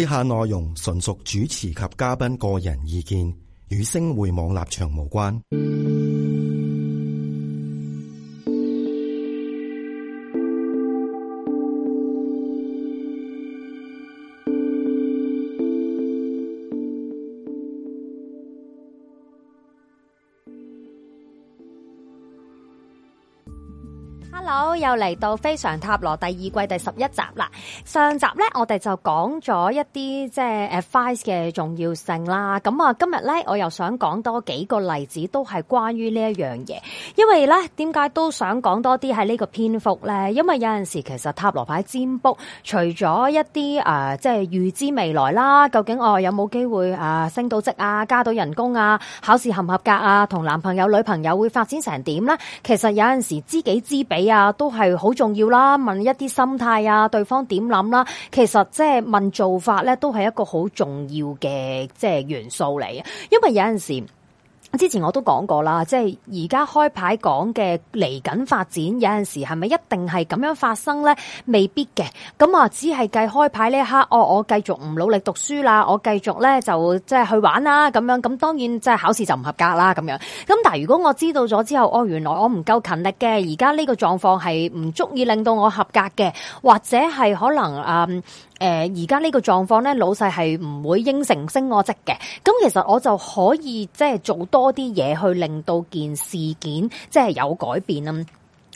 以下內容純屬主持及嘉賓個人意見，與星匯網立場無關。又嚟到非常塔羅第二季第十一集啦。上集呢，我哋就講咗一啲即係 advice 嘅重要性啦。咁啊，今日呢，我又想講多幾個例子，都係關於呢一樣嘢。因為呢，點解都想講多啲喺呢個篇幅呢？因為有陣時其實塔羅牌占卜，除咗一啲誒、呃，即係預知未來啦，究竟我、呃、有冇機會啊、呃、升到職啊，加到人工啊，考試合唔合格啊，同男朋友女朋友會發展成點呢？其實有陣時知己知彼啊，都係。係好重要啦，問一啲心態啊，對方點諗啦，其實即係問做法咧，都係一個好重要嘅即係元素嚟嘅，因為有陣時。之前我都講過啦，即係而家開牌講嘅嚟緊發展，有陣時係咪一定係咁樣發生呢？未必嘅。咁啊，只係計開牌呢一刻，我、哦、我繼續唔努力讀書啦，我繼續咧就即係去玩啦咁樣。咁當然即係考試就唔合格啦咁樣。咁但係如果我知道咗之後，哦，原來我唔夠勤力嘅，而家呢個狀況係唔足以令到我合格嘅，或者係可能啊。嗯誒而家呢個狀況咧，老細係唔會應承升我職嘅。咁其實我就可以即係做多啲嘢，去令到件事件即係有改變啊！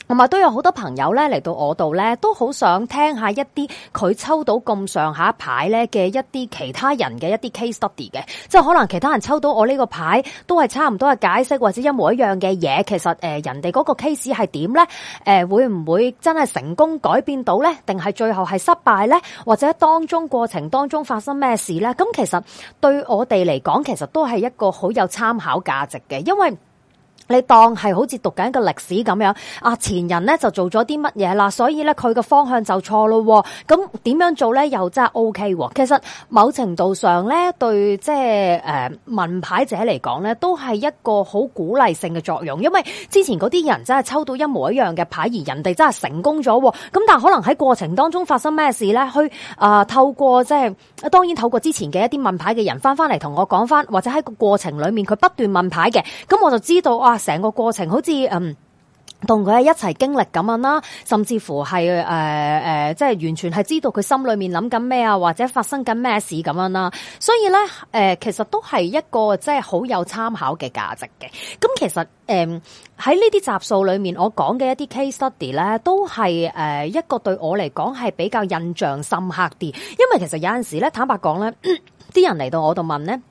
同埋都有好多朋友咧嚟到我度咧，都好想聽下一啲佢抽到咁上下牌咧嘅一啲其他人嘅一啲 case study 嘅，即係可能其他人抽到我呢個牌都係差唔多嘅解釋或者一模一樣嘅嘢。其實誒、呃，人哋嗰個 case 係點咧？誒、呃，會唔會真係成功改變到咧？定係最後係失敗咧？或者當中過程當中發生咩事咧？咁其實對我哋嚟講，其實都係一個好有參考價值嘅，因為。你當係好似讀緊一個歷史咁樣，啊前人咧就做咗啲乜嘢啦，所以咧佢個方向就錯咯。咁點樣做咧又真係 OK。其實某程度上咧，對即係誒問牌者嚟講咧，都係一個好鼓勵性嘅作用，因為之前嗰啲人真係抽到一模一樣嘅牌，而人哋真係成功咗。咁但係可能喺過程當中發生咩事咧？去啊、呃、透過即係當然透過之前嘅一啲問牌嘅人翻翻嚟同我講翻，或者喺個過程裏面佢不斷問牌嘅，咁我就知道啊。呃成個過程好似嗯，同佢一齊經歷咁樣啦，甚至乎係誒誒，即係完全係知道佢心裏面諗緊咩啊，或者發生緊咩事咁樣啦。所以咧誒、呃，其實都係一個即係好有參考嘅價值嘅。咁、嗯、其實誒喺呢啲集數裏面，我講嘅一啲 case study 咧，都係誒一個對我嚟講係比較印象深刻啲。因為其實有陣時咧，坦白講咧，啲人嚟到我度問咧，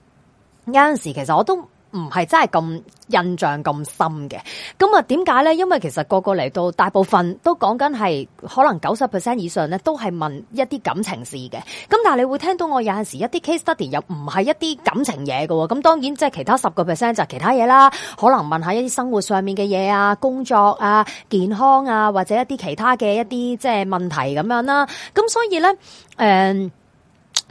有陣時候其實我都。唔係真係咁印象咁深嘅，咁啊，點解咧？因為其實個個嚟到大部分都講緊係可能九十 percent 以上咧，都係問一啲感情事嘅。咁但係你會聽到我有陣時一啲 case study 又唔係一啲感情嘢嘅，咁當然即係其他十個 percent 就係其他嘢啦，可能問下一啲生活上面嘅嘢啊、工作啊、健康啊，或者一啲其他嘅一啲即係問題咁樣啦。咁所以咧，誒、嗯。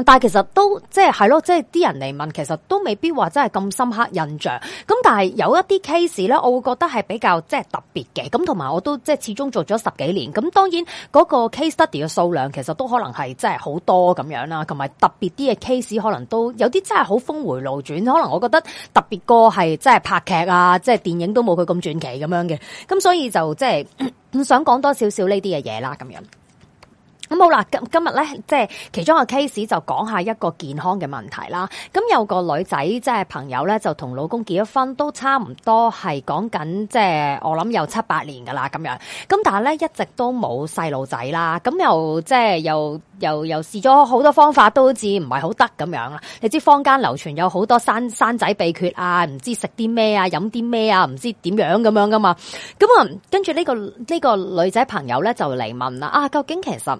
但係其實都即係係咯，即係啲人嚟問，其實都未必話真係咁深刻印象。咁但係有一啲 case 咧，我會覺得係比較即係特別嘅。咁同埋我都即係始終做咗十幾年。咁當然嗰個 case study 嘅數量，其實都可能係真係好多咁樣啦。同埋特別啲嘅 case，可能都有啲真係好峰回路轉。可能我覺得特別過係即係拍劇啊，即係電影都冇佢咁傳奇咁樣嘅。咁所以就即係、就是、想講多少少呢啲嘅嘢啦，咁樣。咁、嗯、好啦，今今日咧，即係其中個 case 就講下一個健康嘅問題啦。咁有個女仔，即係朋友咧，就同老公結咗婚，都差唔多係講緊，即係我諗有七八年噶啦咁樣。咁但係咧一直都冇細路仔啦。咁又即係又又又試咗好多方法，都好似唔係好得咁樣啦。你知坊間流傳有好多生生仔秘訣啊，唔知食啲咩啊，飲啲咩啊，唔知點樣咁樣噶嘛。咁啊，跟住呢個呢個女仔朋友咧就嚟問啦，啊究竟其實？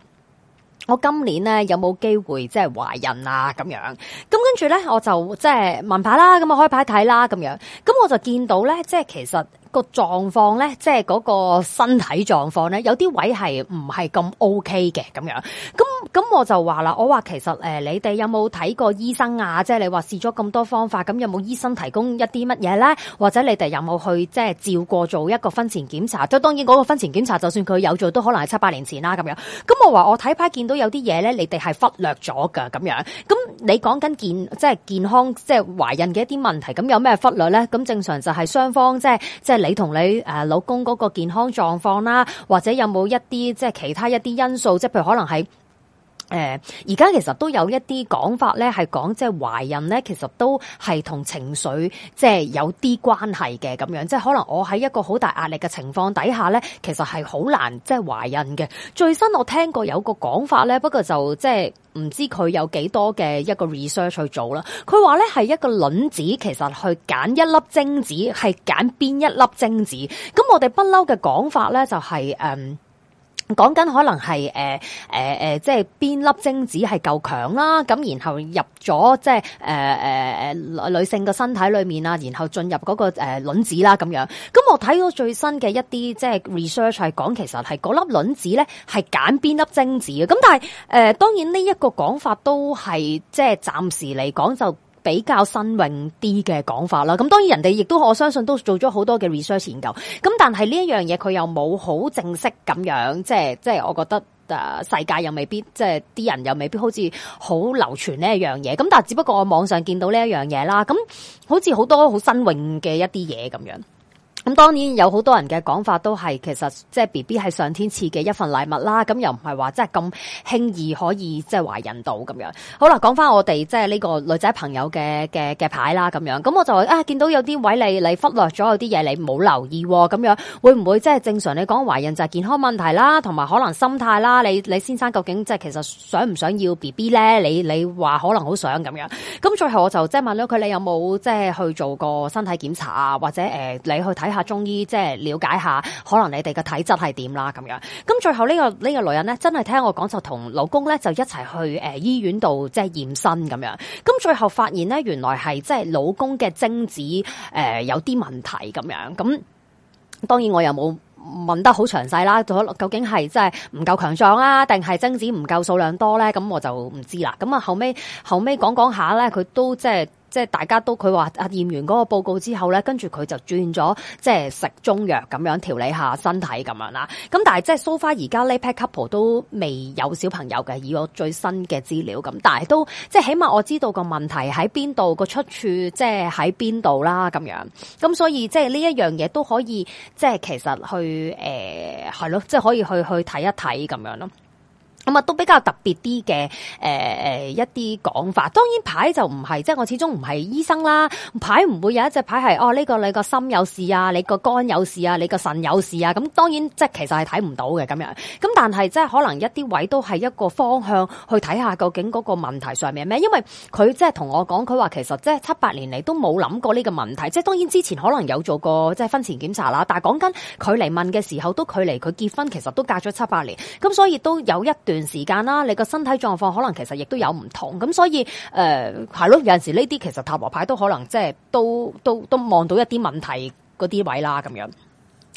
我今年咧有冇機會即係懷孕啊咁樣？咁跟住咧我就即係問牌啦，咁啊開牌睇啦咁樣，咁我就見到咧即係其實。那個狀況咧，即係嗰個身體狀況咧，有啲位係唔係咁 OK 嘅咁樣。咁咁我就話啦，我話其實誒、呃，你哋有冇睇過醫生啊？即係你話試咗咁多方法，咁有冇醫生提供一啲乜嘢咧？或者你哋有冇去即係照過做一個婚前檢查？即當然嗰個婚前檢查，就算佢有做，都可能係七八年前啦咁樣。咁我話我睇牌見到有啲嘢咧，你哋係忽略咗噶咁樣。咁你講緊健即係健康即係懷孕嘅一啲問題，咁有咩忽略咧？咁正常就係雙方即係即係。你同你誒老公嗰個健康狀況啦，或者有冇一啲即係其他一啲因素，即係譬如可能係。誒、呃，而家其實都有一啲講法咧，係講即係懷孕咧，其實都係同情緒即係有啲關係嘅咁樣，即係可能我喺一個好大壓力嘅情況底下咧，其實係好難即係懷孕嘅。最新我聽過有個講法咧，不過就即係唔知佢有幾多嘅一個 research 去做啦。佢話咧係一個卵子其實去揀一粒精子，係揀邊一粒精子。咁我哋不嬲嘅講法咧就係、是、誒。呃講緊可能係誒誒誒，即係邊粒精子係夠強啦，咁然後入咗即係誒誒誒女性個身體裏面啊，然後進入嗰，那個誒、呃、卵子啦咁樣。咁我睇到最新嘅一啲即係 research 係講，其實係嗰粒卵子咧係揀邊粒精子嘅。咁但係誒、呃，當然呢一個講法都係即係暫時嚟講就。比較新穎啲嘅講法啦，咁當然人哋亦都我相信都做咗好多嘅 research 研究，咁但係呢一樣嘢佢又冇好正式咁樣，即係即係我覺得誒世界又未必，即係啲人又未必好似好流傳呢一樣嘢，咁但係只不過我網上見到呢一樣嘢啦，咁好似好多好新穎嘅一啲嘢咁樣。咁當然有好多人嘅講法都係其實即係 B B 係上天賜嘅一份禮物啦，咁又唔係話即係咁輕易可以即係懷孕到咁樣。好啦，講翻我哋即係呢個女仔朋友嘅嘅嘅牌啦咁樣，咁我就話啊，見到有啲位你你忽略咗，有啲嘢你冇留意咁、喔、樣，會唔會即係正常？你講懷孕就係健康問題啦，同埋可能心態啦。你你先生究竟即係其實想唔想要 B B 咧？你你話可能好想咁樣。咁最後我就即係問咗佢你有冇即係去做過身體檢查啊，或者、呃、你去睇下中醫，即係了解下，可能你哋嘅體質係點啦，咁樣。咁最後呢、呢個呢、呢個女人咧，真係聽我講就同老公咧就一齊去誒、呃、醫院度即係驗身咁樣。咁最後發現咧，原來係即係老公嘅精子誒、呃、有啲問題咁樣。咁當然我又冇問得好詳細啦。究竟係即係唔夠強壯啊，定係精子唔夠數量多咧？咁我就唔知啦。咁啊後尾後尾講講下咧，佢都即係。即係大家都佢話啊，驗完嗰個報告之後咧，跟住佢就轉咗即係食中藥咁樣調理下身體咁樣啦。咁但係即係 so far 而家呢 pair couple 都未有小朋友嘅，以我最新嘅資料咁，但係都即係起碼我知道個問題喺邊度，個出處即係喺邊度啦咁樣。咁所以即係呢一樣嘢都可以即係其實去係咯、呃，即係可以去去睇一睇咁樣咯。咁啊，都比較特別啲嘅誒誒一啲講、呃、法。當然牌就唔係，即、就、係、是、我始終唔係醫生啦。牌唔會有一隻牌係哦，呢、這個你個心有事啊，你個肝有事啊，你個腎有事啊。咁、嗯、當然即係、就是、其實係睇唔到嘅咁樣。咁但係即係可能一啲位都係一個方向去睇下究竟嗰個問題上面咩？因為佢即係同我講，佢話其實即係七八年嚟都冇諗過呢個問題。即、就、係、是、當然之前可能有做過即係、就是、婚前檢查啦，但係講緊佢嚟問嘅時候都距離佢結婚其實都隔咗七八年，咁所以都有一段。段時間啦，你個身體狀況可能其實亦都有唔同，咁所以誒係咯，有陣時呢啲其實塔羅牌都可能即係都都都望到一啲問題嗰啲位啦，咁樣。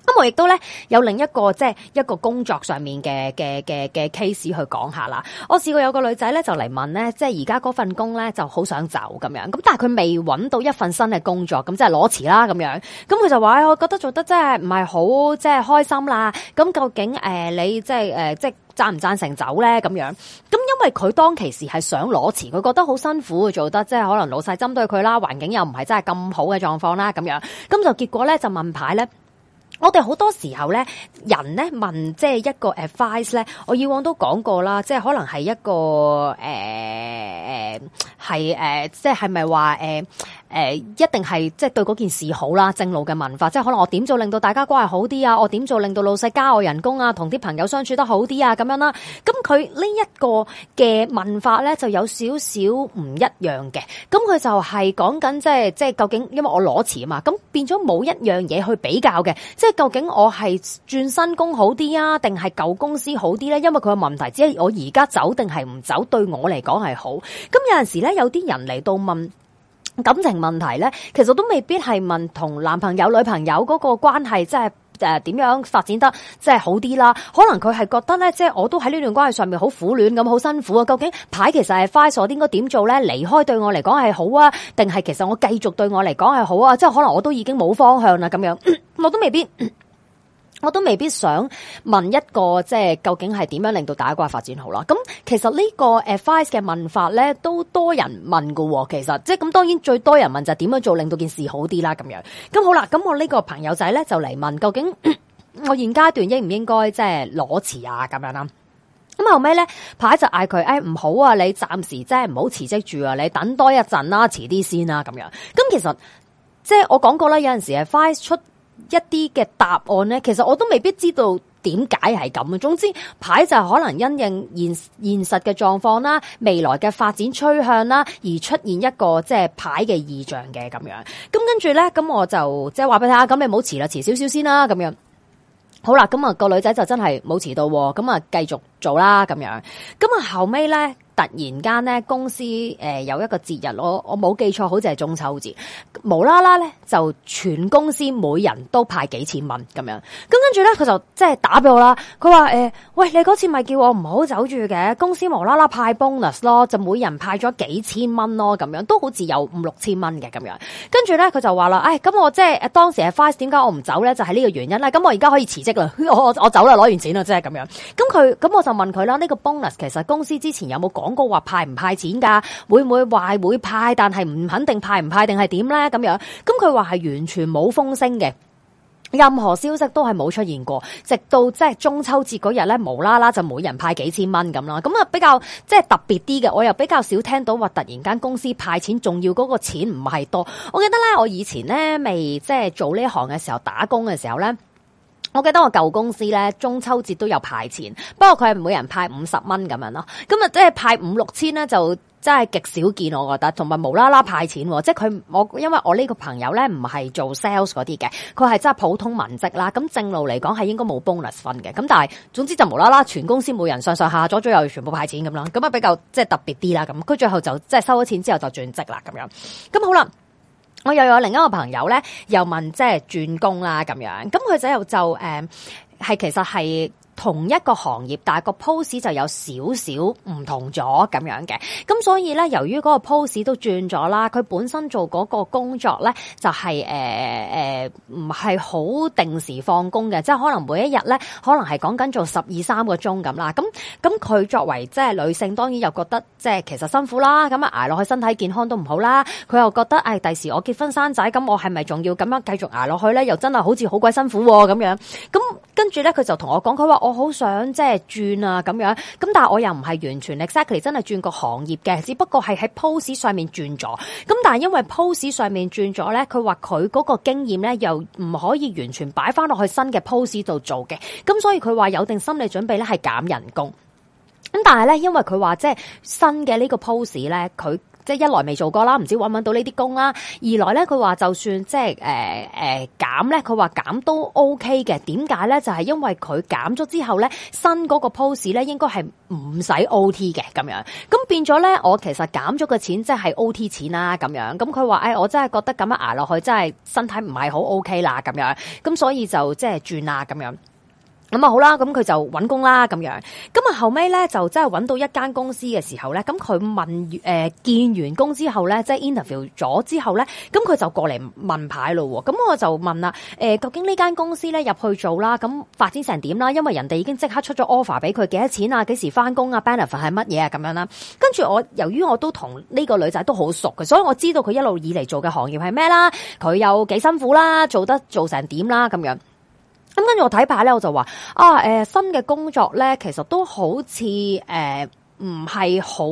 咁、嗯、我亦都咧有另一個即係、就是、一個工作上面嘅嘅嘅嘅 case 去講下啦。我試過有個女仔咧就嚟問咧，即係而家嗰份工咧就好想走咁樣，咁但係佢未揾到一份新嘅工作，咁即係裸辭啦咁樣。咁佢就話、哎：，我覺得做得真係唔係好即係開心啦。咁究竟誒、呃、你、呃、即係、呃、即係贊唔贊成走咧咁樣？咁因為佢當其時係想裸辭，佢覺得好辛苦，做得即係、就是、可能老細針對佢啦，環境又唔係真係咁好嘅狀況啦咁樣。咁就結果咧就問牌咧。我哋好多時候咧，人咧問即係一個 advice 咧，我以往都講過啦，即係可能係一個誒誒，係、呃、誒、呃，即係係咪話誒？呃誒，一定係即係對嗰件事好啦，正路嘅文化，即係可能我點做令到大家關係好啲啊，我點做令到老細加我人工啊，同啲朋友相處得好啲啊，咁樣啦。咁佢呢一個嘅問法咧，就有少少唔一樣嘅。咁佢就係講緊即係即係究竟，因為我攞錢嘛，咁變咗冇一樣嘢去比較嘅。即係究竟我係轉新工好啲啊，定係舊公司好啲咧？因為佢嘅問題只係我而家走定係唔走，對我嚟講係好。咁有陣時咧，有啲人嚟到問。感情問題咧，其實我都未必係問同男朋友、女朋友嗰個關係，即係、呃、點樣發展得即係好啲啦。可能佢係覺得咧，即係我都喺呢段關係上面好苦戀咁，好辛苦啊。究竟牌其實係快傻，應該點做咧？離開對我嚟講係好啊，定係其實我繼續對我嚟講係好啊？即係可能我都已經冇方向啦，咁樣我都未必。我都未必想問一個，即係究竟係點樣令到大家個發展好啦。咁其實呢個誒，Advice 嘅問法咧，都多人問噶。其實即係咁，當然最多人問就係點樣做令到件事好啲啦。咁樣咁好啦。咁我呢個朋友仔咧就嚟問，究竟我現階段應唔應該即係裸辭啊？咁樣啦。咁後尾咧，牌就嗌佢：誒、哎，唔好啊，你暫時即係唔好辭職住啊，你等多一陣啦、啊，遲啲先啦、啊。」咁樣。咁其實即係我講過啦，有陣時係 Advice 出。一啲嘅答案咧，其實我都未必知道點解係咁啊。總之，牌就可能因應現現實嘅狀況啦、未來嘅發展趨向啦，而出現一個即係牌嘅異象嘅咁樣。咁跟住咧，咁我就即係話俾你聽下，咁你唔好遲啦，遲少少先啦，咁樣。好啦，咁、那、啊個女仔就真係冇遲到，咁啊繼續做啦，咁樣。咁啊後尾咧。突然間咧，公司誒有一個節日，我我冇記錯，好似係中秋節，無啦啦咧就全公司每人都派幾千蚊咁樣。咁跟住咧，佢就即係打俾我啦。佢話誒，喂，你嗰次咪叫我唔好走住嘅，公司無啦啦派 bonus 咯，就每人派咗幾千蚊咯，咁樣都好似有五六千蚊嘅咁樣。跟住咧，佢就話啦，誒、哎，咁我即係當當時係費事，點解我唔走咧？就係、是、呢個原因啦。咁我而家可以辭職啦，我我走啦，攞完錢啦，即係咁樣。咁佢，咁我就問佢啦，呢個 bonus 其實公司之前有冇廣告話派唔派錢噶，會唔會話會派，但係唔肯定派唔派定係點咧？咁樣，咁佢話係完全冇風聲嘅，任何消息都係冇出現過，直到即係中秋節嗰日咧，無啦啦就每人派幾千蚊咁啦。咁啊，比較即係特別啲嘅，我又比較少聽到話突然間公司派錢，仲要嗰個錢唔係多。我記得咧，我以前咧未即係做呢行嘅時候，打工嘅時候咧。我記得我舊公司咧，中秋節都有派錢，不過佢係每人派五十蚊咁樣咯。咁、嗯、啊，即係派五六千咧，就真係極少見，我覺得。同埋無啦啦派錢，即係佢我因為我呢個朋友咧唔係做 sales 嗰啲嘅，佢係真係普通文職啦。咁正路嚟講係應該冇 bonus 分嘅。咁但係總之就無啦啦，全公司每人上上下下左左右全部派錢咁啦。咁 啊比較即係特別啲啦。咁佢最後就即係收咗錢之後就轉職啦。咁樣咁好啦。我又有另一個朋友咧，又問即係轉工啦、啊、咁樣，咁佢仔又就誒，係、嗯、其實係。同一個行業，但係個 pose 就有少少唔同咗咁樣嘅，咁所以呢，由於嗰個 pose 都轉咗啦，佢本身做嗰個工作呢，就係誒誒，唔係好定時放工嘅，即係可能每一日呢，可能係講緊做十二三個鐘咁啦，咁咁佢作為即係女性，當然又覺得即係其實辛苦啦，咁啊挨落去身體健康都唔好啦，佢又覺得唉，第時我結婚生仔，咁我係咪仲要咁樣繼續挨落去呢？又真係好似好鬼辛苦咁樣，咁跟住呢，佢就同我講，佢話。我好想即係轉啊咁樣，咁但係我又唔係完全，exactly 真係轉個行業嘅，只不過係喺 post 上面轉咗。咁但係因為 post 上面轉咗呢，佢話佢嗰個經驗呢又唔可以完全擺翻落去新嘅 post 度做嘅，咁所以佢話有定心理準備呢係減人工。咁但係呢，因為佢話即係新嘅呢個 post 呢，佢。即係一來未做過啦，唔知搵唔搵到呢啲工啦；二來咧，佢話就算即係誒誒減咧，佢話減都 OK 嘅。點解咧？就係因為佢減咗之後咧，新嗰個 pose 咧應該係唔使 OT 嘅咁樣。咁變咗咧，我其實減咗個錢即係 OT 錢啦咁樣。咁佢話誒，我真係覺得咁樣捱落去真係身體唔係好 OK 啦咁樣。咁所以就即係轉啦咁樣。咁啊好啦，咁佢就揾工啦咁樣，咁啊後尾咧就真係揾到一間公司嘅時候咧，咁佢問誒、呃，見完工之後咧，即係 interview 咗之後咧，咁佢就過嚟問牌咯。咁我就問啦，誒、呃，究竟呢間公司咧入去做啦，咁發展成點啦？因為人哋已經即刻出咗 offer 俾佢幾多錢啊，幾時返工啊，benefit 係乜嘢啊咁樣啦。跟住我由於我都同呢個女仔都好熟嘅，所以我知道佢一路以嚟做嘅行業係咩啦，佢又幾辛苦啦，做得做成點啦咁樣。咁跟住我睇牌咧，我就話啊，誒、呃，新嘅工作咧，其實都好似誒，唔係好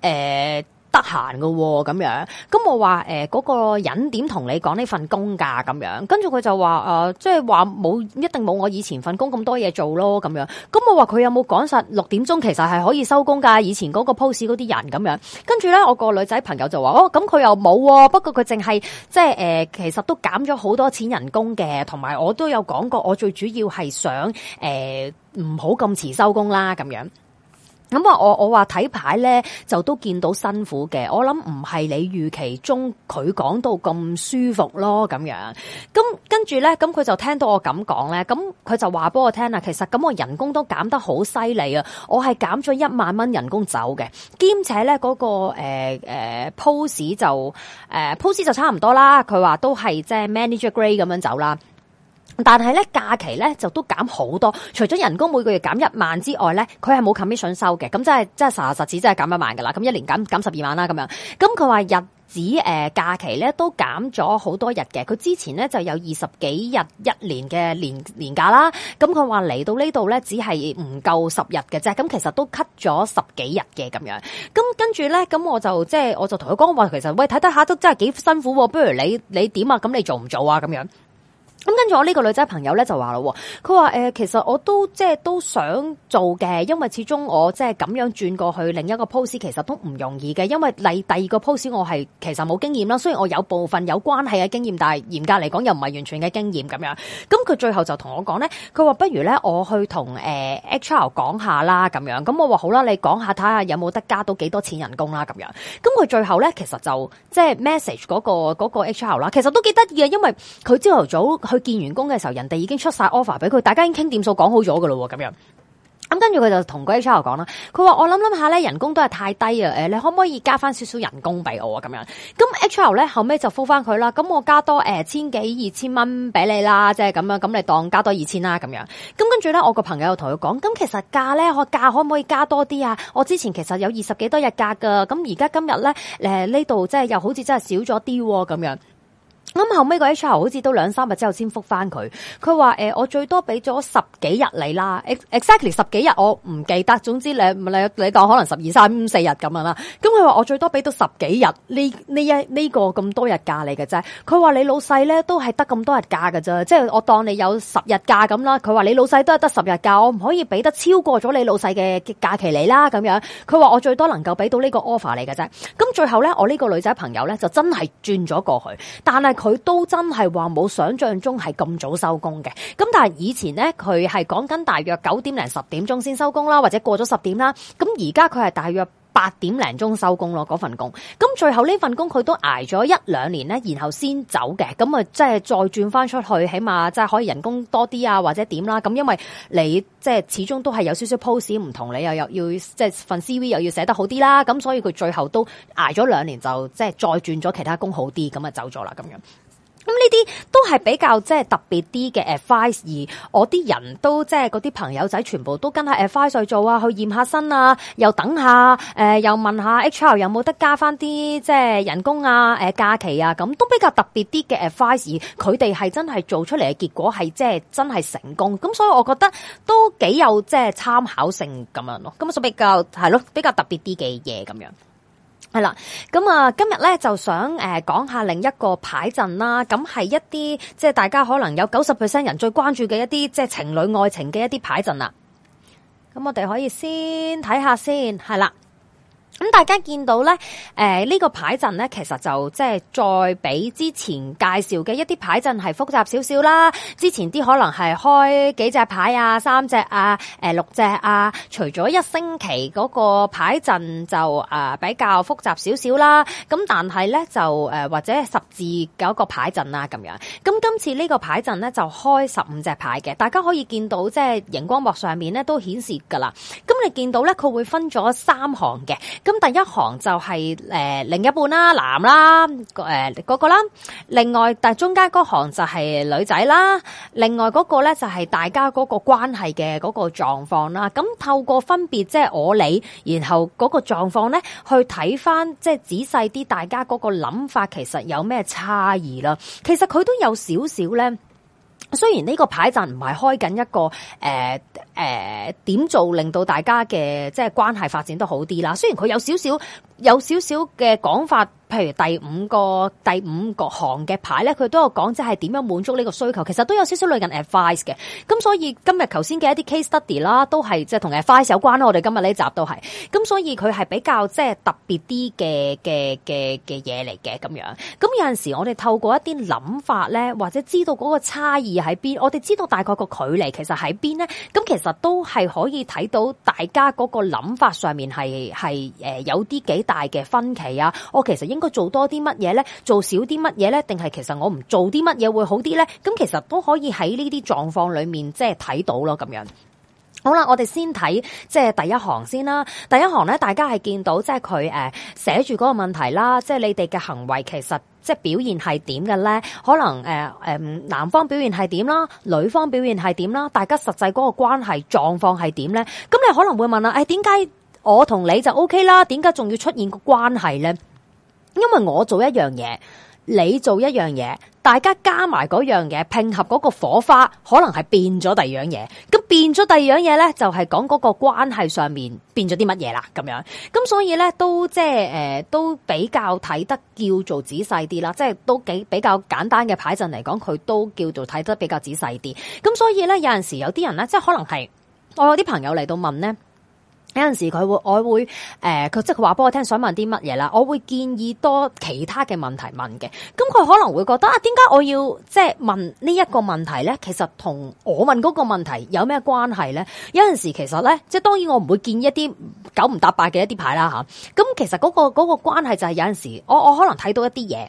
誒。得閒噶、哦，咁樣，咁、嗯、我話誒嗰個人點同你講呢份工噶，咁樣，跟住佢就話誒、呃，即係話冇一定冇我以前份工咁多嘢做咯，咁樣，咁、嗯、我話佢有冇講實六點鐘其實係可以收工噶，以前嗰個 post 嗰啲人咁樣，跟住咧我個女仔朋友就話哦，咁佢又冇、啊，不過佢淨係即係誒、呃，其實都減咗好多錢人工嘅，同埋我都有講過，我最主要係想誒唔好咁遲收工啦，咁、呃、樣。咁啊，我我話睇牌咧，就都見到辛苦嘅。我諗唔係你預期中佢講到咁舒服咯，咁樣。咁跟住咧，咁佢就聽到我咁講咧，咁佢就話俾我聽啦。其實咁我人工都減得好犀利啊，我係減咗一萬蚊人工走嘅，兼且咧嗰，那個誒誒，post 就誒 post、呃、就差唔多啦。佢話都係即係 manager grade 咁樣走啦。但係咧假期，咧就都減好多，除咗人工每個月減一萬之外咧，佢係冇 commission 收嘅，咁即係即係實在實指，即係減一萬噶啦，咁一年減減十二萬啦咁樣。咁佢話日子誒、呃、假期咧都減咗好多日嘅，佢之前咧就有二十幾日一年嘅年年假啦。咁佢話嚟到呢度咧只係唔夠十日嘅啫，咁其實都 cut 咗十幾日嘅咁樣。咁跟住咧，咁我就即係、就是、我就同佢講話，其實喂睇睇下都真係幾辛苦，不如你你點啊？咁你做唔做啊？咁樣。咁跟住我呢個女仔朋友咧就話咯，佢話誒，其實我都即係都想做嘅，因為始終我即係咁樣轉過去另一個 post 其實都唔容易嘅，因為嚟第二個 post 我係其實冇經驗啦，雖然我有部分有關係嘅經驗，但係嚴格嚟講又唔係完全嘅經驗咁樣。咁佢最後就同我講咧，佢話不如咧我去同誒 HR 講下啦咁樣。咁我話好啦，你講下睇下有冇得加到幾多錢人工啦咁樣。咁佢最後咧其實就即係 message 嗰個、嗰個 HR 啦，其實都幾得意嘅，因為佢朝頭早。佢見完工嘅時候，人哋已經出晒 offer 俾佢，大家已經傾掂數講好咗噶咯，咁樣。咁跟住佢就同嗰個 H R 講啦，佢話我諗諗下咧，人工都係太低啊，誒，你可唔可以加返少少人工俾我啊？咁樣。咁 H R 咧後尾就覆返佢啦，咁我加多誒、呃、千幾二千蚊俾你啦，即係咁樣，咁你當加多二千啦咁樣。咁跟住咧，我個朋友又同佢講，咁其實假咧，我假可唔可以加多啲啊？我之前其實有二十幾多日假噶，咁而家今日咧，誒呢度即係又好似真係少咗啲咁樣。.咁後尾個 HR 好似都兩三日之後先覆翻佢，佢話誒，我最多俾咗十幾日你啦，exactly 十幾日我唔記得，總之你你你，你當可能十二三五四日咁樣啦。咁佢話我最多俾到十幾日，呢你呢呢、呢個咁多日假嚟嘅啫。佢話你老細咧都係得咁多日假噶啫。即係我當你有十日假咁啦。佢話你老細都係得十日假，我唔可以俾得超過咗你老細嘅假期你啦咁樣。佢話我最多能夠俾到呢個 offer 你嘅啫。咁最後咧，我呢個女仔朋友咧就真係轉咗過去，但係。佢都真係話冇想像中係咁早收工嘅，咁但係以前咧佢係講緊大約九點零十點鐘先收工啦，或者過咗十點啦，咁而家佢係大約。八點零鐘收工咯，嗰份工，咁最後呢份工佢都挨咗一兩年咧，然後先走嘅，咁啊，即係再轉翻出去，起碼即係可以人工多啲啊，或者點啦，咁因為你即係始終都係有少少 post 唔同，你又又要即係份 CV 又要寫得好啲啦，咁所以佢最後都挨咗兩年就即係再轉咗其他工好啲，咁啊走咗啦，咁樣。咁呢啲都係比較即係特別啲嘅 Advice 而我啲人都即係嗰啲朋友仔，全部都跟喺 Advice 做啊，去驗下身啊，又等下、呃、又問下 HR 有冇得加翻啲即係人工啊、誒、呃、假期啊，咁都比較特別啲嘅 Advice 而佢哋係真係做出嚟嘅結果係即係真係成功，咁所以我覺得都幾有即係參考性咁樣咯，咁所以比較係咯比較特別啲嘅嘢咁樣。係啦，咁啊，今日咧就想誒講下另一個牌陣啦，咁係一啲即係大家可能有九十 percent 人最關注嘅一啲即係情侶愛情嘅一啲牌陣啦，咁我哋可以先睇下先，係啦。咁大家見到咧，呢、呃呢個牌陣咧，其實就即係再比之前介紹嘅一啲牌陣係複雜少少啦。之前啲可能係開幾隻牌啊、三隻啊、呃、六隻啊，除咗一星期嗰個牌陣就比較複雜少少啦。咁但係咧就、呃、或者十字嗰個牌陣啊咁樣。咁今次呢個牌陣咧就開十五隻牌嘅，大家可以見到即係熒光幕上面咧都顯示㗎啦。咁你見到咧佢會分咗三行嘅。咁第一行就係誒另一半啦，男啦，誒嗰個啦。另外，但中間嗰行就係女仔啦。另外嗰個咧就係大家嗰個關係嘅嗰個狀況啦。咁透過分別即係我你，然後嗰個狀況咧去睇翻，即係仔細啲大家嗰個諗法，其實有咩差異啦？其實佢都有少少咧。雖然呢個牌陣唔係開緊一個誒誒、呃呃、點做令到大家嘅即係關係發展得好啲啦，雖然佢有少少有少少嘅講法。譬如第五個第五個行嘅牌咧，佢都有講，即係點樣滿足呢個需求，其實都有少少類似 advice 嘅。咁所以今日頭先嘅一啲 case study 啦，都係即係同 advice 有關啦，我哋今日呢集都係，咁所以佢係比較即係特別啲嘅嘅嘅嘅嘢嚟嘅咁樣。咁有陣時我哋透過一啲諗法咧，或者知道嗰個差異喺邊，我哋知道大概個距離其實喺邊咧，咁其實都係可以睇到大家嗰個諗法上面係係誒有啲幾大嘅分歧啊。我其實應個做多啲乜嘢呢？做少啲乜嘢呢？定係其實我唔做啲乜嘢會好啲呢？咁其實都可以喺呢啲狀況裏面即係睇到咯。咁樣好啦，我哋先睇即係第一行先啦。第一行呢，大家係見到即係佢誒寫住嗰個問題啦。即係你哋嘅行為其實即係表現係點嘅呢？可能誒誒、呃呃、男方表現係點啦，女方表現係點啦？大家實際嗰個關係狀況係點呢？咁你可能會問，哎為什麼 OK，啦，誒點解我同你就 OK 啦？點解仲要出現個關係呢？」因為我做一樣嘢，你做一樣嘢，大家加埋嗰樣嘢，拼合嗰個火花，可能係變咗第二樣嘢。咁變咗第二樣嘢咧，就係講嗰個關係上面變咗啲乜嘢啦，咁樣。咁所以咧，都即係誒，都比較睇得叫做仔細啲啦。即係都幾比較簡單嘅牌陣嚟講，佢都叫做睇得比較仔細啲。咁所以咧，有陣時有啲人咧，即係可能係我有啲朋友嚟到問咧。有陣時佢會，我會誒，佢、呃、即係佢話俾我聽想問啲乜嘢啦。我會建議多其他嘅問題問嘅，咁佢可能會覺得啊，點解我要即係問呢一個問題咧？其實同我問嗰個問題有咩關係咧？有陣時其實咧，即係當然我唔會建議一啲九唔搭八嘅一啲牌啦。吓、啊、咁，其實嗰、嗰個關係就係有陣時我我可能睇到一啲嘢，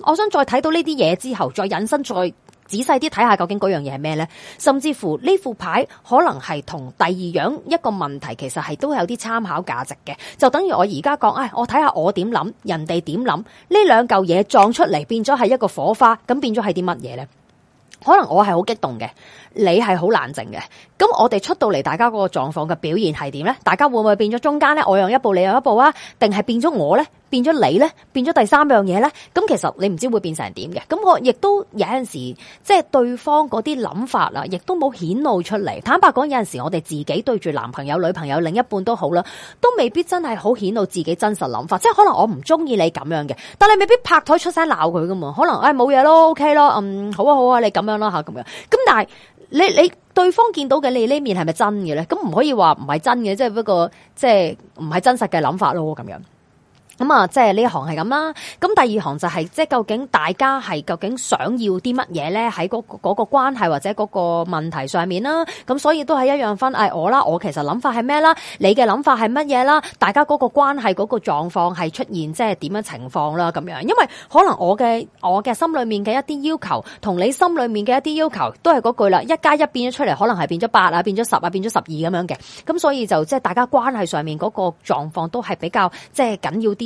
我想再睇到呢啲嘢之後再引申再。仔細啲睇下，究竟嗰樣嘢係咩呢？甚至乎呢副牌可能係同第二樣一個問題，其實係都有啲參考價值嘅。就等於我而家講，唉，我睇下我點諗，人哋點諗，呢兩嚿嘢撞出嚟變咗係一個火花，咁變咗係啲乜嘢呢？可能我係好激動嘅，你係好冷靜嘅。咁我哋出到嚟，大家嗰個狀況嘅表現係點咧？大家會唔會變咗中間咧？我有一步，你有一步啊？定係變咗我咧？變咗你咧？變咗第三樣嘢咧？咁其實你唔知會變成點嘅？咁我亦都有陣時，即係對方嗰啲諗法啦，亦都冇顯露出嚟。坦白講，有陣時我哋自己對住男朋友、女朋友、另一半都好啦，都未必真係好顯露自己真實諗法。即係可能我唔中意你咁樣嘅，但係未必拍台出聲鬧佢噶嘛。可能唉冇嘢咯，OK 咯，嗯，好啊好啊，你咁樣啦吓咁樣。咁但係。你你對方見到嘅你呢面係咪真嘅咧？咁唔可以話唔係真嘅，即係不過即係唔係真實嘅諗法咯咁樣。咁啊，即係呢一行係咁啦。咁第二行就係即係究竟大家係究竟想要啲乜嘢咧？喺嗰嗰個關係或者嗰個問題上面啦。咁所以都係一樣分誒、哎、我啦，我其實諗法係咩啦？你嘅諗法係乜嘢啦？大家嗰個關係嗰個狀況係出現即係點樣情況啦？咁樣，因為可能我嘅我嘅心裏面嘅一啲要求，同你心裏面嘅一啲要求，都係嗰句啦，一加一變咗出嚟，可能係變咗八啊，變咗十啊，變咗十二咁樣嘅。咁所以就即係大家關係上面個狀況都係比較即係緊要啲。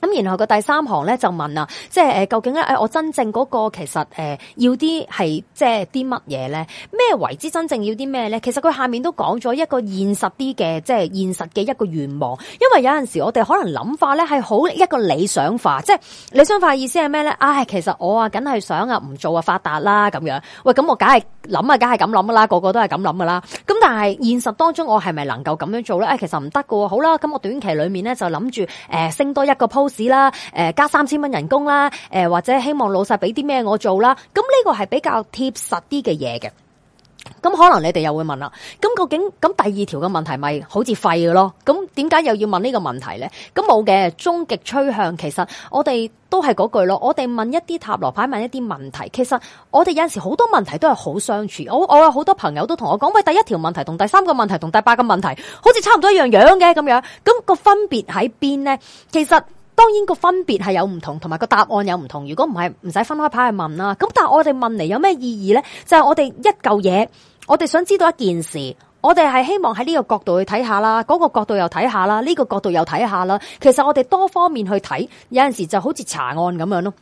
咁然後個第三行咧就問啦，即係誒究竟咧誒我真正嗰個其實誒要啲係即係啲乜嘢咧？咩為之真正要啲咩咧？其實佢下面都講咗一個現實啲嘅，即係現實嘅一個願望。因為有陣時我哋可能諗法咧係好一個理想化，即係理想化意思係咩咧？唉、哎，其實我啊梗係想啊唔做啊發達啦咁樣。喂，咁我梗係諗啊，梗係咁諗噶啦，個個都係咁諗噶啦。咁但係現實當中我係咪能夠咁樣做咧？誒、哎，其實唔得噶。好啦，咁我短期裏面咧就諗住誒升多一個波啦，誒加三千蚊人工啦，誒或者希望老細俾啲咩我做啦，咁、這、呢個係比較貼實啲嘅嘢嘅。咁可能你哋又會問啦，咁究竟咁第二條嘅問題咪好似廢嘅咯？咁點解又要問呢個問題呢？咁冇嘅，終極趨向其實我哋都係嗰句咯，我哋問一啲塔羅牌問一啲問題，其實我哋有陣時好多問題都係好相處。我我有好多朋友都同我講，喂，第一條問題同第三個問題同第八個問題好似差唔多一樣樣嘅咁樣，咁、個分別喺邊呢？其實。當然個分別係有唔同，同埋個答案有唔同。如果唔係唔使分開牌去問啦，咁但係我哋問嚟有咩意義呢？就係、是、我哋一嚿嘢，我哋想知道一件事，我哋係希望喺呢個角度去睇下啦，嗰、那個角度又睇下啦，呢、這個角度又睇下啦。其實我哋多方面去睇，有陣時就好似查案咁樣咯。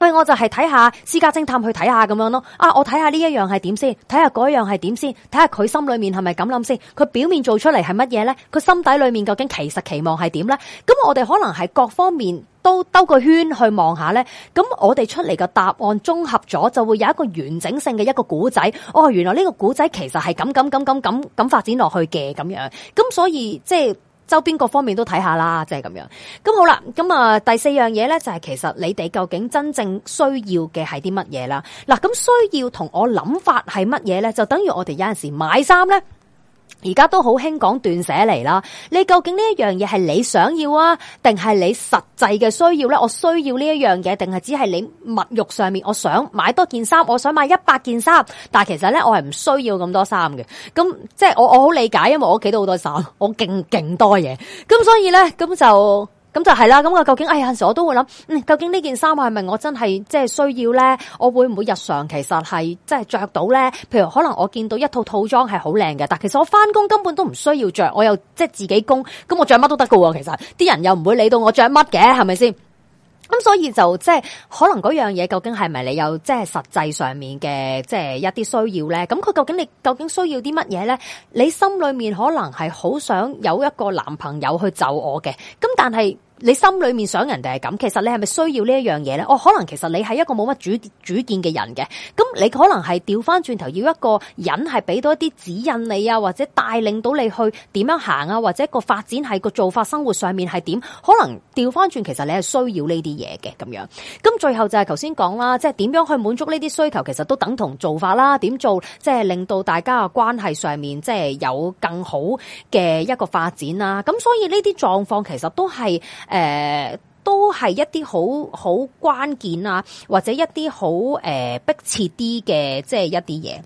喂，我就係睇下私家偵探去睇下咁樣咯。啊，我睇下呢一樣係點先，睇下嗰樣係點先，睇下佢心裏面係咪咁諗先。佢表面做出嚟係乜嘢呢？佢心底裏面究竟其實期望係點呢？咁我哋可能係各方面都兜個圈去望下呢。咁我哋出嚟個答案綜合咗，就會有一個完整性嘅一個古仔。哦，原來呢個古仔其實係咁咁咁咁咁咁發展落去嘅咁樣。咁所以即係。周邊各方面都睇下啦，即係咁樣。咁好啦，咁啊第四樣嘢呢，就係其實你哋究竟真正需要嘅係啲乜嘢啦？嗱，咁需要同我諗法係乜嘢呢？就等於我哋有陣時買衫呢。而家都好興講斷捨離啦，你究竟呢一樣嘢係你想要啊，定係你實際嘅需要咧？我需要呢一樣嘢，定係只係你物欲上面？我想買多件衫，我想買一百件衫，但係其實咧，我係唔需要咁多衫嘅。咁即係我我好理解，因為我屋企都好多衫，我勁勁多嘢，咁所以咧咁就。咁就係啦，咁啊、哎嗯，究竟哎有陣時我都會諗，究竟呢件衫係咪我真係即係需要咧？我會唔會日常其實係即係着到咧？譬如可能我見到一套套裝係好靚嘅，但其實我返工根本都唔需要着，我又即係自己工，咁我着乜都得㗎喎。其實啲人又唔會理到我着乜嘅，係咪先？咁所以就即係可能嗰樣嘢，究竟係咪你有即係實際上面嘅即係一啲需要咧？咁佢究竟你究竟需要啲乜嘢咧？你心裏面可能係好想有一個男朋友去就我嘅，咁但係。你心裏面想人哋係咁，其實你係咪需要呢一樣嘢咧？哦，可能其實你係一個冇乜主主見嘅人嘅，咁你可能係調翻轉頭要一個人係俾到一啲指引你啊，或者帶領到你去點樣行啊，或者個發展係個做法，生活上面係點？可能調翻轉，其實你係需要呢啲嘢嘅咁樣。咁最後就係頭先講啦，即係點樣去滿足呢啲需求，其實都等同做法啦。點做即係令到大家嘅關係上面即係有更好嘅一個發展啦。咁所以呢啲狀況其實都係。誒、呃，都係一啲好好關鍵啊，或者一啲好誒迫切啲嘅，即係一啲嘢。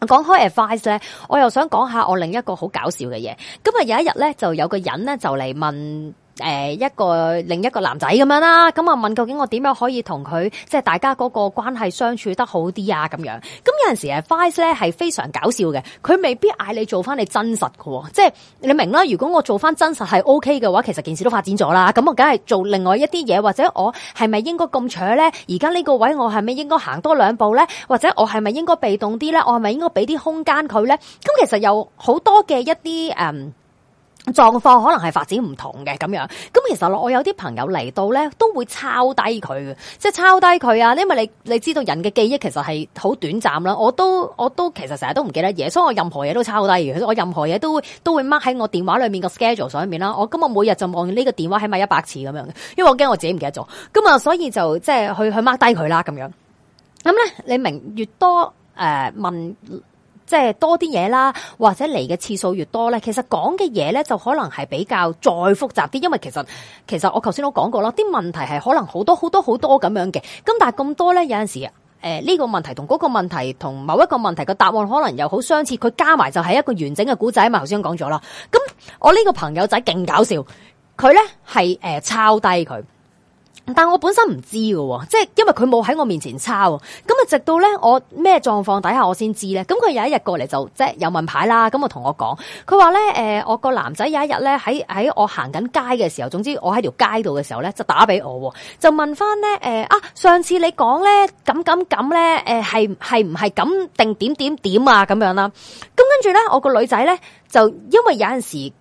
講開 Advice 咧，我又想講下我另一個好搞笑嘅嘢。今日有一日咧，就有個人咧就嚟問。誒、呃，一個另一個男仔咁樣啦，咁啊問究竟我點樣可以同佢即係大家嗰個關係相處得好啲啊？咁樣，咁有陣時啊，advice 咧係非常搞笑嘅，佢未必嗌你做翻你真實喎、哦。即係你明啦。如果我做翻真實係 OK 嘅話，其實件事都發展咗啦。咁我梗係做另外一啲嘢，或者我係咪應該咁扯咧？而家呢個位我係咪應該行多兩步咧？或者我係咪應該被動啲咧？我係咪應該俾啲空間佢咧？咁其實有好多嘅一啲誒。嗯狀況可能係發展唔同嘅，咁樣，咁其實我有啲朋友嚟到呢，都會抄低佢即係抄低佢啊！因為你你知道人嘅記憶其實係好短暫啦，我都我都其實成日都唔記得嘢，所以我任何嘢都抄低，我任何嘢都,都會都會 mark 喺我電話裏面個 schedule 上面啦。我今日每日就望呢個電話起碼一百次咁樣，因為我驚我自己唔記得咗，咁啊，所以就即係去去 mark 低佢啦咁樣。咁咧，你明越多誒、呃、問？即係多啲嘢啦，或者嚟嘅次數越多咧，其實講嘅嘢咧就可能係比較再複雜啲，因為其實其實我頭先都講過啦，啲問題係可能好多好多好多咁樣嘅，咁但係咁多咧有陣時誒呢個問題同嗰個問題同某一個問題嘅答案可能又好相似，佢加埋就係一個完整嘅古仔嘛。頭先講咗啦，咁我呢個朋友仔勁搞笑，佢咧係誒抄低佢。但我本身唔知嘅，即係因為佢冇喺我面前抄，咁啊直到咧我咩狀況底下我先知咧，咁佢有一日過嚟就即係有問牌啦，咁我同我講，佢話咧誒我個男仔有一日咧喺喺我行緊街嘅時候，總之我喺條街度嘅時候咧就打俾我，就問翻咧誒啊上次你講咧咁咁咁咧誒係係唔係咁定點點點啊咁樣啦，咁跟住咧我個女仔咧就因為有陣時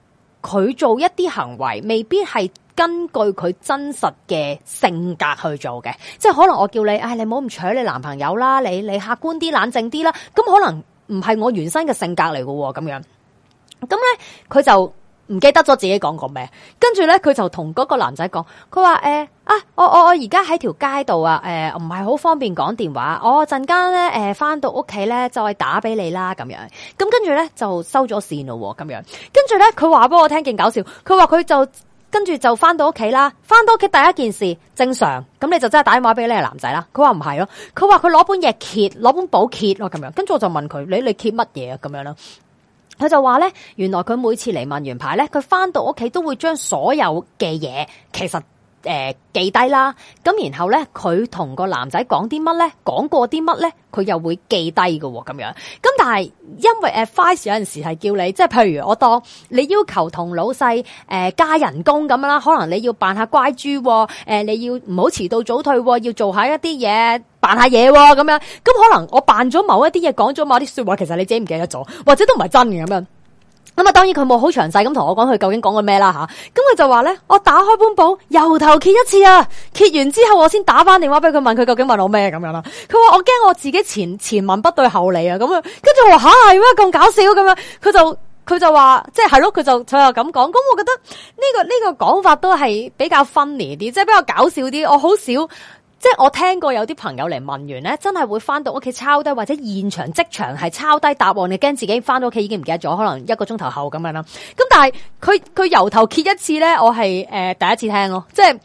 佢做一啲行為未必係。根據佢真實嘅性格去做嘅，即係可能我叫你，唉、哎，你唔好唔娶你男朋友啦，你你客觀啲，冷靜啲啦。咁可能唔係我原生嘅性格嚟嘅咁樣。咁咧，佢就唔記得咗自己講過咩呢，跟住咧，佢就同嗰個男仔講，佢話誒啊，我我我而家喺條街度啊，誒唔係好方便講電話，我陣間咧誒返到屋企咧再打俾你啦，咁樣，咁跟住咧就收咗線咯，咁樣跟住咧佢話俾我聽勁搞笑，佢話佢就。跟住就翻到屋企啦，翻到屋企第一件事正常，咁你就真係打電話俾呢個男仔啦。佢話唔係咯，佢話佢攞本嘢揭，攞本簿揭咯咁樣，跟住我就問佢：你你揭乜嘢啊？咁樣咯，佢就話咧，原來佢每次嚟問完牌咧，佢翻到屋企都會將所有嘅嘢，其實。誒、呃，記低啦，咁然後咧，佢同個男仔講啲乜咧，講過啲乜咧，佢又會記低嘅、哦，咁樣。咁但係因為誒，advice 有陣時係叫你，即係譬如我當你要求同老細誒、呃、加人工咁啦，可能你要扮下乖豬，誒、呃、你要唔好遲到早退，要做一一下一啲嘢，扮下嘢咁樣。咁可能我扮咗某一啲嘢，講咗某啲說話，其實你自己唔記得咗，或者都唔係真嘅咁。咁啊，當然佢冇好詳細咁同我講佢究竟講過咩啦吓，咁佢就話咧，我打開本簿，由頭揭一次啊，揭完之後我先打翻電話俾佢問佢究竟問我咩咁樣啦。佢話我驚我自己前前文不對後理啊，咁樣，跟住我話吓點解咁搞笑咁樣，佢就佢就話即係係咯，佢就佢就咁講，咁我覺得呢個呢個講法都係比較 funny 啲，即係比較搞笑啲，我好少。即係我聽過有啲朋友嚟，問完咧，真係會翻到屋企抄低或者現場即場係抄低答案，你驚自己翻到屋企已經唔記得咗，可能一個鐘頭後咁樣啦。咁但係佢佢由頭揭一次咧，我係誒、呃、第一次聽咯。即係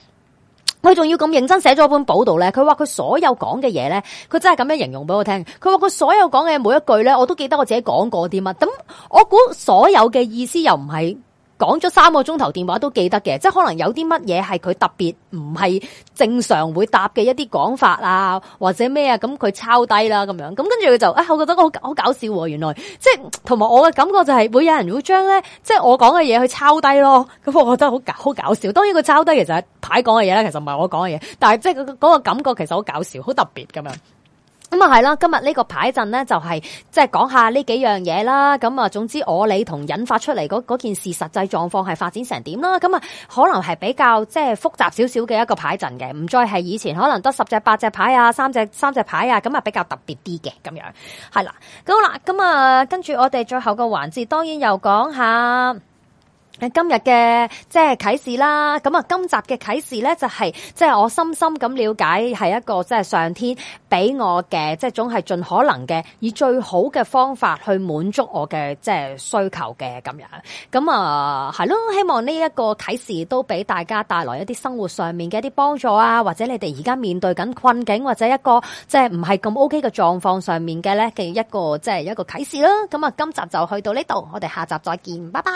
佢仲要咁認真寫咗本簿度咧，佢話佢所有講嘅嘢咧，佢真係咁樣形容俾我聽。佢話佢所有講嘅每一句咧，我都記得我自己講過啲乜。咁我估所有嘅意思又唔係。講咗三個鐘頭電話都記得嘅，即係可能有啲乜嘢係佢特別唔係正常會答嘅一啲講法啊，或者咩啊，咁佢抄低啦咁樣，咁跟住佢就啊、哎，我覺得好好搞笑喎、啊！原來即係同埋我嘅感覺就係、是、會有人會將咧，即係我講嘅嘢去抄低咯。咁我覺得好搞好搞笑。當然佢抄低其實係牌講嘅嘢咧，其實唔係我講嘅嘢，但係即係嗰個感覺其實好搞笑，好特別咁樣。咁啊係啦，今日呢個牌陣呢，就係即係講下呢幾樣嘢啦。咁啊，總之我你同引發出嚟嗰件事實際狀況係發展成點啦。咁啊，可能係比較即係複雜少少嘅一個牌陣嘅，唔再係以前可能得十隻八隻牌啊，三隻三隻牌啊，咁啊比較特別啲嘅咁樣。係啦，咁好啦，咁啊，跟住我哋最後個環節，當然又講下。今日嘅即係啟示啦，咁啊，今集嘅啟示呢，就係即係我深深咁了解係一個即係上天俾我嘅，即係總係盡可能嘅以最好嘅方法去滿足我嘅即係需求嘅咁樣，咁啊係咯，希望呢一個啟示都俾大家帶來一啲生活上面嘅一啲幫助啊，或者你哋而家面對緊困境或者一個即係唔係咁 OK 嘅狀況上面嘅呢嘅一個即係一個啟示啦，咁啊今集就去到呢度，我哋下集再見，拜拜。